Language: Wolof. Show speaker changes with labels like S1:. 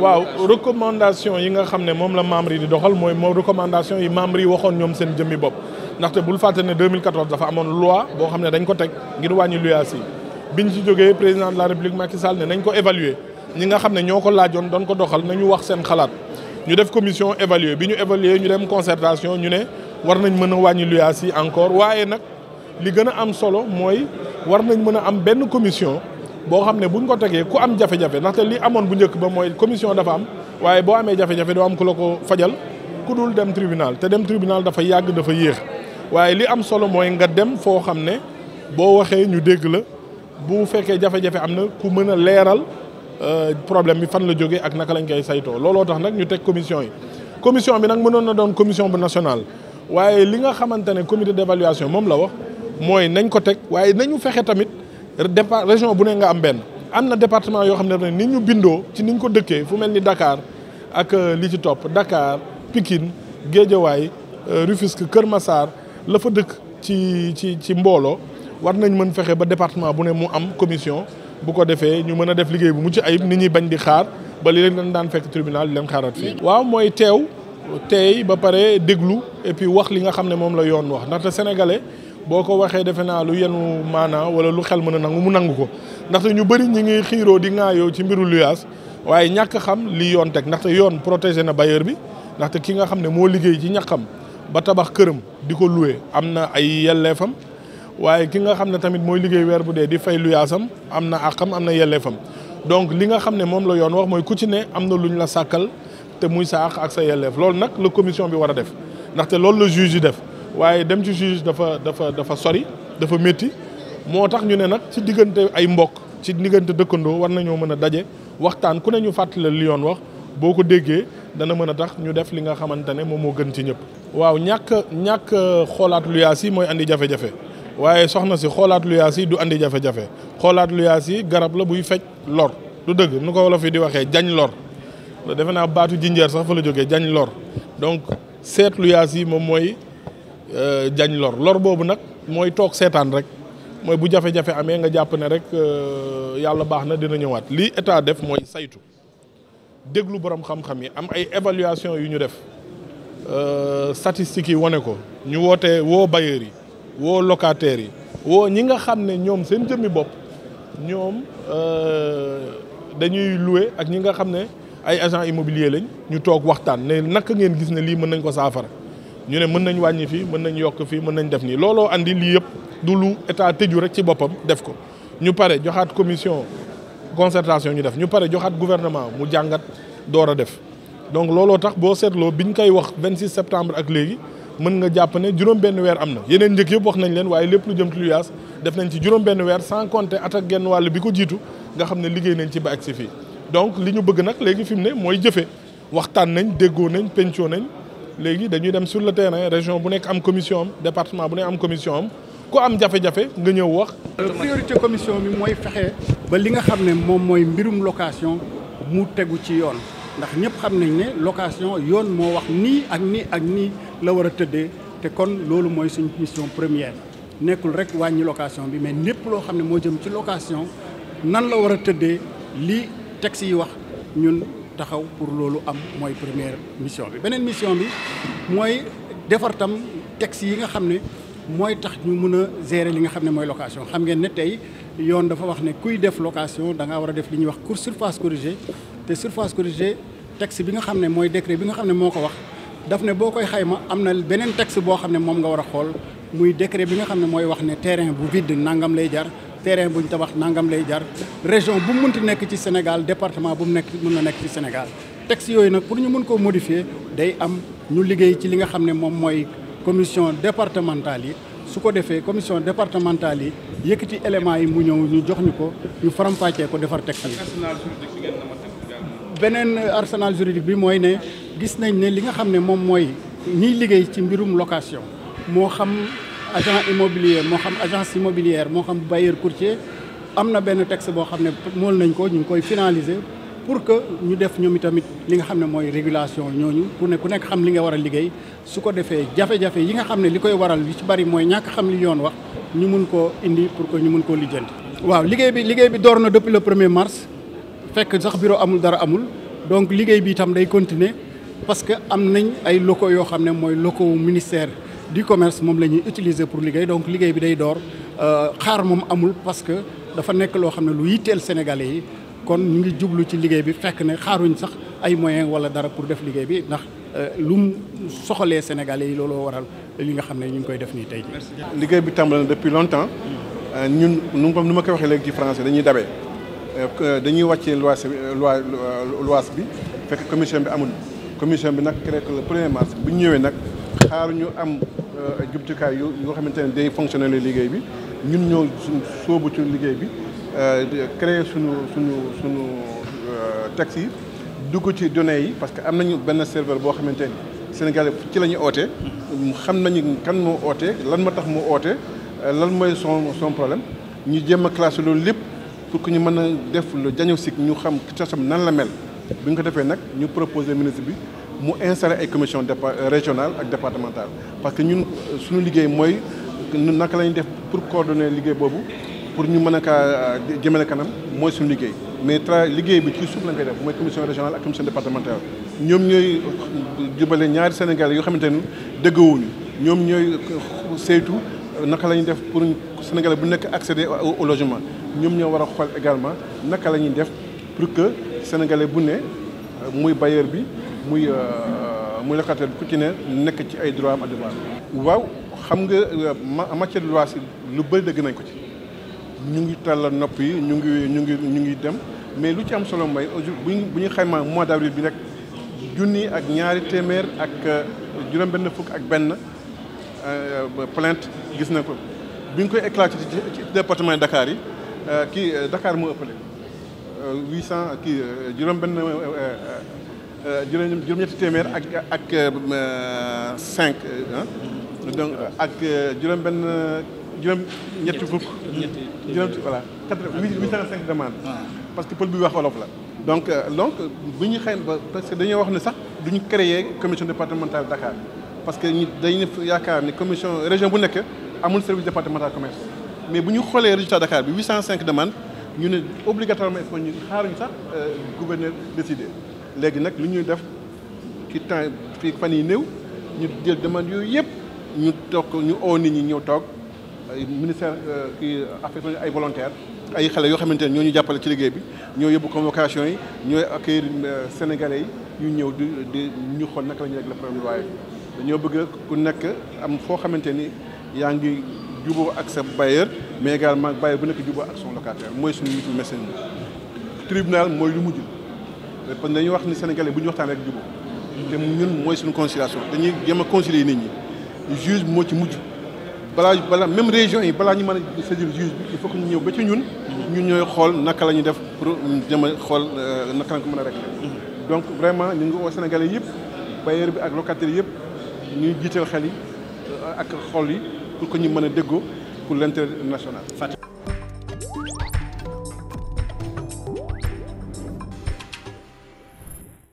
S1: waaw recommandation yi nga xam ne moom la membre yi di doxal mooy moo recommandation yi membre yi waxoon ñoom seen jëmmi bopp ndaxte bul fàtte ne 2014 dafa amoon loi boo xam ne dañ ko teg ngir wàññi luyaas yi biñ ci jógee président de la république Macky Sall ne nañ ko évaluer ñi nga xam ne ñoo ko laajoon doon ko doxal nañu wax seen xalaat ñu def commission évaluer bi ñu évaluer ñu dem concertation ñu ne war nañ mën a wàññi luyaas yi encore waaye nag li gën a am solo mooy war nañ mën a am benn commission boo xam ne bu buñ ko tegee ku am jafe-jafe ndaxte li amoon bu njëkk ba mooy commission dafa am waaye boo amee jafe-jafe doo am ku la ko fajal ku dul dem tribunal te dem tribunal dafa yàgg dafa yéex waaye li am solo mooy nga dem foo xam ne boo waxee ñu dégg la bu fekkee jafe-jafe am na ku mën a leeral euh, problème bi fan la jógee ak naka lañ koy saytoo looloo tax nag ñu teg commission yi commission bi nag mënoon na doon commission bu nationale waaye li nga xamante ne comité d'évaluation moom la wax mooy nañ ko teg waaye nañu fexe tamit départ région bu ne nga am benn am na département yoo xam ne ni ñu bindoo ci ni ko dëkkee fu mel ni dakaar ak euh, li ci topp dakaar pikin Guédiawaye euh, Rufisque Kër Massar la fa dëkk ci ci ci mbooloo war nañ mën fexe ba département bu ne mu am commission bu ko defee ñu mën a def liggéey bu mucc ayib nit ñi bañ di xaar ba li leen daan fekk tribunal di leen fii. waaw mooy teew teey ba pare déglu et puis wax li nga xam ne moom la yoon wax ndaxte sénégalais. boo ko waxee defe naa lu yenu maanaa wala lu xel mën a nangu mu nangu ko ndaxte ñu bëri ñu ngi xiiroo di ŋaayoo ci mbiru luyaas waaye ñàkk xam li yoon teg ndaxte yoon protégé na bailleur bi ndaxte ki nga xam ne moo liggéey ci ñàkkam ba tabax këram di ko loué am na ay yelleefam waaye ki nga xam ne tamit mooy liggéey weer bu dee di fay luyaasam am na àqam am na yelleefam donc li nga xam ne moom la yoon wax mooy ku ci ne am na lu ñu la sàkkal te muy sa ak sa yelleef loolu nag la commission bi war a def ndaxte loolu la juge yi def waaye dem ci juge dafa dafa dafa sori dafa métti moo tax ñu ne nag ci diggante ay mbokk ci diggante dëkkandoo war nañoo mën a daje waxtaan ku ne ñu fàttali li yoon wax boo ko déggee dana mën a tax ñu def li nga xamante ne moom moo gën ci ñëpp. waaw ñàkk ñàkk xoolaat luyaas yi mooy andi jafe-jafe waaye soxna si xoolaat luyaas yi du andi jafe xoolaat luyaas yi garab la buy faj lor du dëgg nu ko wolof di waxee jañ lor defe naa baatu jinjeer sax fa la jógee jañ lor donc seet luyaas yi moom mooy. jañ euh, lor lor boobu nag mooy toog seetaan rek mooy bu jafe-jafe amee nga jàpp ne rek euh, yàlla baax na dina ñëwaat lii état def mooy saytu déglu borom xam-xam yi am ay évaluation yu ñu def euh, statistiques yi wane ko ñu wootee woo bailleurs yi woo locataires yi woo ñi nga xam ne ñoom seen jëmmi bopp ñoom dañuy louer ak ñi nga xam ne ay agents immobiliers lañ ñu toog waxtaan ne naka ngeen gis ne lii mën nañ ko saafara ñu ne mën nañ wàññi fii mën nañ yokk fii mën nañ def nii looloo indi lii yëpp du lu état tëju rek ci boppam def ko ñu pare joxaat commission concertation ñu def ñu pare joxaat gouvernement mu jàngat door a def donc looloo tax boo seetloo bi ñu koy wax 26 septembre ak léegi mën nga jàpp ne juróom-benn weer am na yeneen njëkk yëpp wax nañ leen waaye lépp lu jëm ci luyaas def nañ ci juróom-benn weer sans compter at ak genn wàll bi ko jiitu nga xam ne liggéey nañ ci ba fii donc li ñu bëgg nag léegi fi mu ne mooy jëfe waxtaan nañ déggoo nañ pencoo nañ léegi dañuy dem sur le terrain région bu nekk am commission am département bu nekk am commission am ku am jafe-jafe nga
S2: ñëw wax. priorité commission bi mooy fexe ba li nga xam ne moom mooy mbirum location mu tegu ci yoon ndax ñëpp xam nañ ne location yoon moo wax nii ak nii ak nii la war a tëddee te kon loolu mooy suñ mission première nekkul rek wàññi location bi mais népp loo xam ne moo jëm ci location nan la war a tëddee li texte yi wax ñun. taxaw pour loolu am mooy première mission bi beneen mission bi mooy defar tam yi nga xam ne mooy tax ñu mun a gérer li nga xam ne mooy location xam ngeen ne tey yoon dafa wax ne kuy def location da ngaa war a def li ñuy wax cour surface corrigée te surface corrigée texte bi nga xam ne mooy décret bi nga xam ne moo ko wax daf ne boo koy xayma am na beneen texte boo xam ne moom nga war a xool muy décret bi nga xam ne mooy wax ne terrain bu vide nangam lay jar terrain bu ñu tabax nangam lay jar région bu mu munti nekk ci Sénégal département bu mu nekk mën na nekk ci Sénégal texte yooyu nag pour ñu mën koo modifier day am ñu liggéey ci li nga xam ne moom mooy commission départementale yi su ko defee commission départementale yi yëkkati éléments yi mu ñëw ñu jox ñu ko ñu faram-fàccee ko defar texte yi beneen arsenal juridique bi mooy ne gis nañ ne li nga xam ne moom mooy ñiy liggéey ci mbirum location moo xam agent immobilier moo xam agence immobilière moo xam bailleur courtier am na benn texte boo xam ne mool nañ ko ñu ngi koy finaliser pour que ñu def ñoom itamit li nga xam ne mooy régulation ñooñu pour ne ku nekk xam li nga war a liggéey su ko defee jafe-jafe yi nga xam ne li koy waral li ci bari mooy ñàkk xam li yoon wax ñu mun koo indi pour que ñu mun koo lijjanti. waaw liggéey bi liggéey bi door na depuis la premier mars fekk sax bureau amul dara amul donc liggéey bi itam day continuer parce que am nañ ay locaux yoo xam ne mooy locaux ministère. du commerce moom la ñuy utiliser pour liggéey donc liggéey bi day door euh, xaar moom amul parce que dafa nekk loo xam ne lu yitteel sénégalais yi kon ñu ngi jublu ci liggéey bi fekk ne xaaruñ sax ay moyen wala dara pour def liggéey bi ndax euh, lu mu soxalee sénégalais yi looloo waral li nga xam ne ñu ngi koy def nii tey jii.
S3: liggéey bi tàmbali na depuis longtemps euh, ñun nu ma nu ma ko waxee léegi ci français dañuy dabee dañuy wàccee loise loise bi fekk commission bi amul commission bi nag crée que le ñu ñëwee nag xaaruñu am. jumtukaay yu nga xamante ne day fonctionner liggéey bi ñun ñoo sóobu ci liggéey bi euh, créer suñu suñu suñu euh, texte yi dugg ci données yi parce que am nañu benn serveur boo xamante ni Sénégal ci la ñu oote xam nañu kan moo ootee lan moo tax mu ootee euh, lan mooy son son problème ñu jéem a classé loolu lépp pour que ñu mën a def le diagnostic ñu xam ci nan la mel bi ñu ko defee nag ñu proposer ministre bi mu installé ay commission euh, régionale ak départementale parce que ñun euh, suñu liggéey mooy naka la ñuy def pour coordonner liggéey boobu pour ñu mën a kaa euh, jëmale kanam mooy suñu liggéey mais tra liggéey bi ci suuf lañ koy def mooy commission régionale ak commission départementale ñoom ñooy jubale ñaari Sénégal yoo xamante ni dëggawuñu ñoom ñooy saytu naka la ñuy def pour Sénégal bu nekk accéder au logement ñoom ñoo war a xool également naka la ñuy def pour bu ne muy bailleur bi muy euh, euh, muy locataire bu ku ci ne nekk ci ay droit am adéquat waaw xam nga euh, matière de si lu bëri dëgg nañ ko ci ñu ngi tàllal nopp yi ñu ngi ñu ngi ñu ngi dem mais lu ci am solo mooy aujourd'hui bu ñu xaymaa mois d' avril bi nag junni ak ñaari téeméer ak juróom-benn fukk ak benn plainte gis na ko bi ñu koy éclaté ci département Dakar yi kii Dakar moo ëppale huit cent kii juróom-benn Euh, juróom juróom-ñetti téeméer ak ak euh, cinq euh, donc ak juróom benn juróom ñetti fukk juróom voilà huit cent cinq demandes ah. parce que pël bi wax wolof la donc donc bu ñu xëy ba parce que dañoo wax ne sax du ñu créer commission départementale Dakar parce que ñu dañu yaakaar ni commission région bu nekk amul service départemental commerce mais bu ñu xoolee résultat Dakar bi huit cent cinq demandes ñu ne obligatoirement il faut ñu xaaruñu sax gouverneur décider léegi nag lu ñuy def ci temps fii fan yi néew ñu jël demand yooyu yëpp ñu toog ñu oo nit ñi ñëw toog ay ministère euh, kii affecté ay volontaires ay xale yoo xamante ne ñoo ñu jàppale ci liggéey bi ñoo yóbbu convocation yi ñooy ak euh, sénégalais yi ñu ñëw di di ñu xool naka la ñuy régler problème dañoo bëgg ku nekk am foo xamante ni yaa ngi juboo ak sa bailleur mais également bailleur bu nekk juboo ak son mooy suñu message tribunal mooy lu mujj kon dañuy wax ni sénégalais bu ñu waxtaan rek jubóo te ñun mooy suñu conciliation dañuy jéem a concilier nit ñi juge moo ci mujj balaa balaa même région yi balaa ñu mën a saisir juge bi il faut que ñu ñëw ba ci ñun ñu ñooy xool naka la ñuy def pour jéem a xool euh, naka lañ ko mën a rek donc vraiment ñu ngi woo sénégalais yëpp bailleur bi ak locataire yëpp ñuy jiital xel yi ak xool yi pour que ñu mën a déggoo pour l'intérêt national